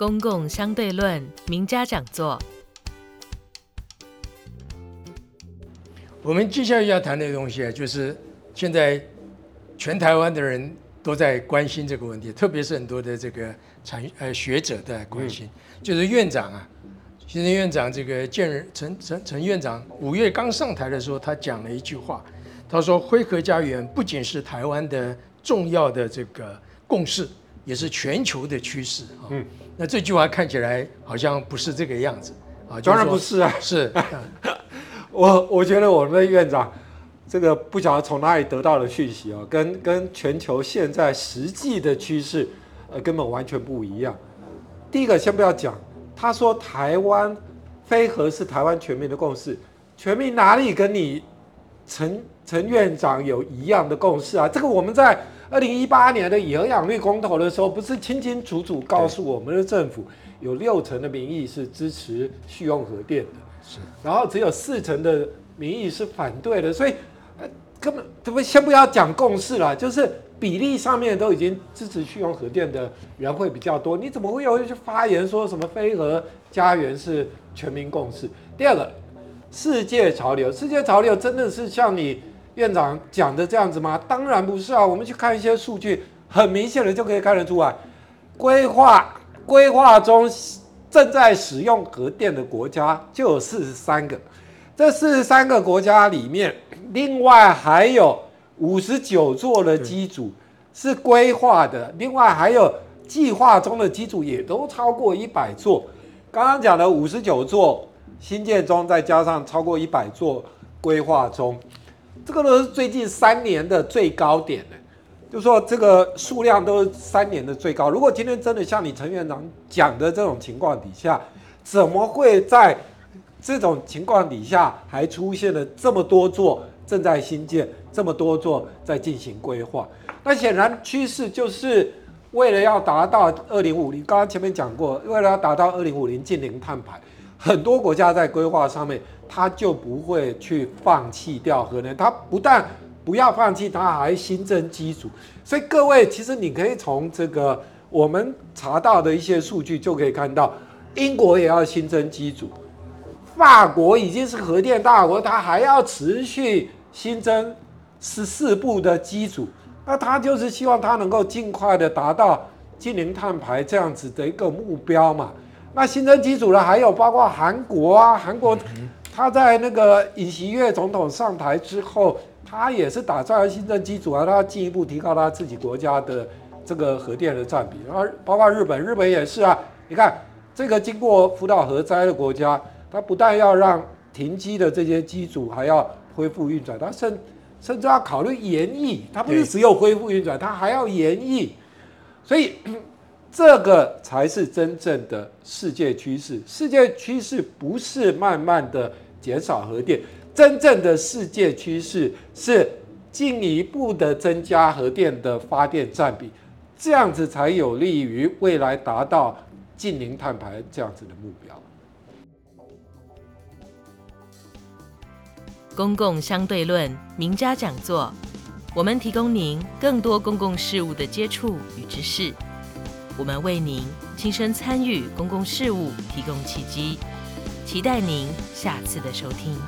公共相對論名家講座。我們接下來要談的東西啊，就是現在全台灣的人都在關心這個問題，特別是很多的這個產呃學者在關心、嗯。就是院長啊，行政院長這個建仁陳陳陳院長五月剛上台的時候，他講了一句話，他說：“非核家園不僅是台灣的重要的這個共識。”也是全球的趨勢。嗯，那這句話看起來好像不是這個樣子啊、嗯就是，當然不是啊，是，啊、我我覺得我們的院長這個不曉得從哪裡得到的訊息啊、哦，跟跟全球現在實際的趨勢呃根本完全不一樣。第一個先不要講，他說台灣非核是台灣全民的共識，全民哪裡跟你成？陳院長有一樣的共識啊！這個我們在二零一八年的核養綠公投的時候，不是清清楚楚告訴我們的政府，有六成的民意是支持續用核電的，是，然後只有四成的民意是反對的。所以，根本，怎麼先不要講共識了，就是比例上面都已經支持續用核電的人會比較多，你怎麼會有一些發言說什麼“非核家園”是全民共識？第二個，世界潮流，世界潮流真的是像你。院長講的這樣子嗎？當然不是啊，我們去看一些數據，很明顯的就可以看得出來，規劃、規劃中正在使用核電的國家就有四十三個，這四十三個國家裡面，另外還有五十九座的機組是規劃的，另外還有計劃中的機組也都超過一百座。剛剛講的五十九座新建中，再加上超過一百座規劃中。這個都是最近三年的最高點呢，就是說這個數量都是三年的最高。如果今天真的像你陳院長講的這種情況底下，怎麼會在這種情況底下還出現了這麼多座正在新建，這麼多座在進行規劃？那顯然趨勢就是為了要達到二零五零，剛剛前面講過，為了要達到二零五零淨零碳排。很多國家在規劃上面，他就不會去放棄掉核能，他不但不要放棄，他還新增機組，所以各位，其實你可以從這個我們查到的一些數據就可以看到，英國也要新增機組。法國已經是核電大國，它還要持續新增十四部的機組，那它就是希望它能夠儘快的達到近零碳排這樣子的一個目標嘛。那新增機組呢？還有包括韓國啊，韓國，他在那個尹錫悅總統上台之後，他也是打算了新增機組啊，他進一步提高他自己國家的這個核電的佔比。然後包括日本，日本也是啊。你看，這個經過福島核災的國家，它不但要讓停機的這些機組還要恢復運轉，它甚甚至要考慮延役，它不是只有恢復運轉，它還要延役，所以。這個才是真正的世界趨勢。世界趨勢不是慢慢的減少核電，真正的世界趨勢是進一步的增加核電的發電占比，這樣子才有利於未來達到淨零碳排這樣子的目標。公共相對論名家講座，我們提供您更多公共事務的接觸與知識。我們為您親身參與公共事務提供契機，期待您下次的收聽。